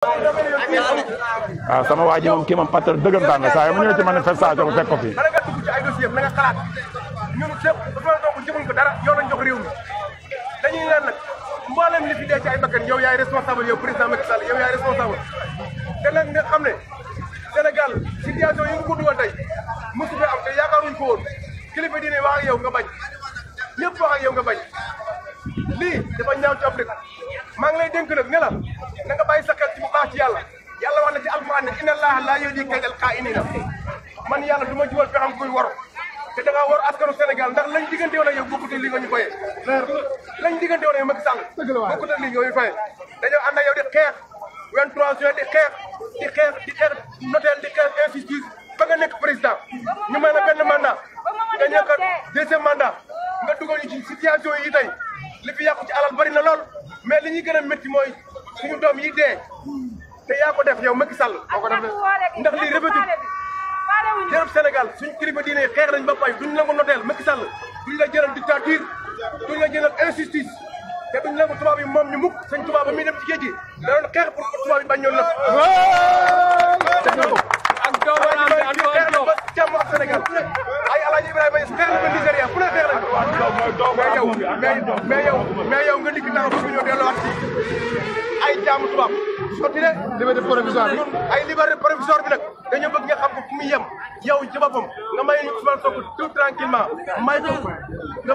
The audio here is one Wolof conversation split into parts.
waaw ah, sama waa ji moom kii moom patron dëggantaan la saa yoo ma ñëwee ci manifestation bu fekk ko fii. ñun sëpp dafa doon ko jëmuñ ko dara yow lañ jox réew mi dañuy naan nag mboolem li fi dee ci ay bakkan yow yaay responsable yow président Macky Sall yow yaay responsable te nag nga xam ne Sénégal situation yi nga ko dugal tey mosu fi am te yaakaaruñ ko woon kilifa diine wax ak yow nga bañ ñëpp wax ak yow nga bañ lii dafa ñaaw ci am dëkk lay dénk ne la na nga bàyyi ci yàlla yàlla wax na ci alquran ne inna allaha laa yahdi kaydal xaa'iniina man yàlla du ma jubal fi xam kuy waru te da ngaa war askanu Sénégal ndax lañ diggante woon ak yow bokkut ak li nga ñu fayee lañ diggante woon ak yow Macky Sall bokkut ak li nga ñu fayee dañoo ànd ak yow di xeex di xeex di xeex di xeex notaire di xeex injustice ba nga ñu may la benn mandat nga ñàkk deuxième mandat nga dugal ñu ci situation yi tey li fi yàqu ci alal bari mais li ñuy gën a métti yaa ko def yow Macky Sall. moo ko def de ndax lii rëbëtu jarab Sénégal suñ kilifa diine xeex nañ ba pay duñ la ko noteel Macky Sall duñ la jëlal dictature duñ la jëlal injustice te duñ la ko tubaab yi moom ñu mukk sëñ tubaab ba muy dem ci géej gi da doon xeex pour tubaab yi bañoon na. def na ko. ak doomu naan bi ak doomu xeex na ba jàmm ak Sénégal ay El Hadj Ibrahima xeex na ba Nigéria fu ne xeex nañ ko. mais yow mais yow mais yow nga dikk taxaw fi ñëw delloo ak ay jàmm tubaab. du sotti de liberté provisoire bi ay liberté provisoire bi nag dañoo bëgg nga xam yem yow ci nga may ñu Ousmane Sonko tranquillement may ko nga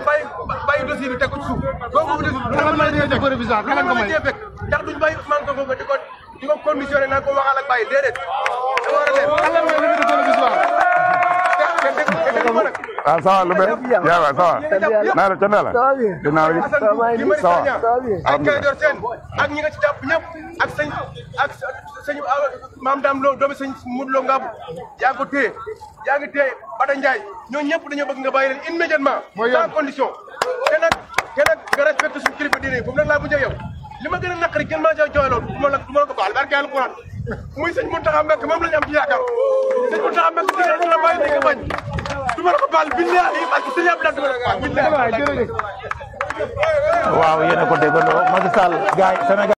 bàyyi bàyyi dossier bi teg ko ci suuf boo ko déglu lu ma liberté provisoire lu ma cee fekk ndax duñu bàyyi Ousmane Sonko nga di ko di ko conditionné naa ko waxal ak bàyyi déedéet da war a def waaw ça va lu bëri yaa waay ça va naa def ca ne la dinaa wi ça va ak ñi daam loo doomi sëñ Modou Lo Ngabou yaa ngi ko téye yaa ngi téye Bada Ndiaye ñooñu ñëpp dañoo bëgg nga bàyyi leen immédiatement sans condition te nag te nag nga respecté suñu kilifa diine yi laa bu li ma gën a naqari gën maa jooy loolu du ma la du ma la ko baal barke alquran muy sëñ Mountakha Mbacké moom la ñu am ci yaakaar sëñ la bàyyi dañ ko bañ ma la ko baal billahi barke Serigne Abdoulaye du ma la ko baal billahi waaw yéen a ko déggandoo Macky Sall gaay Sénégal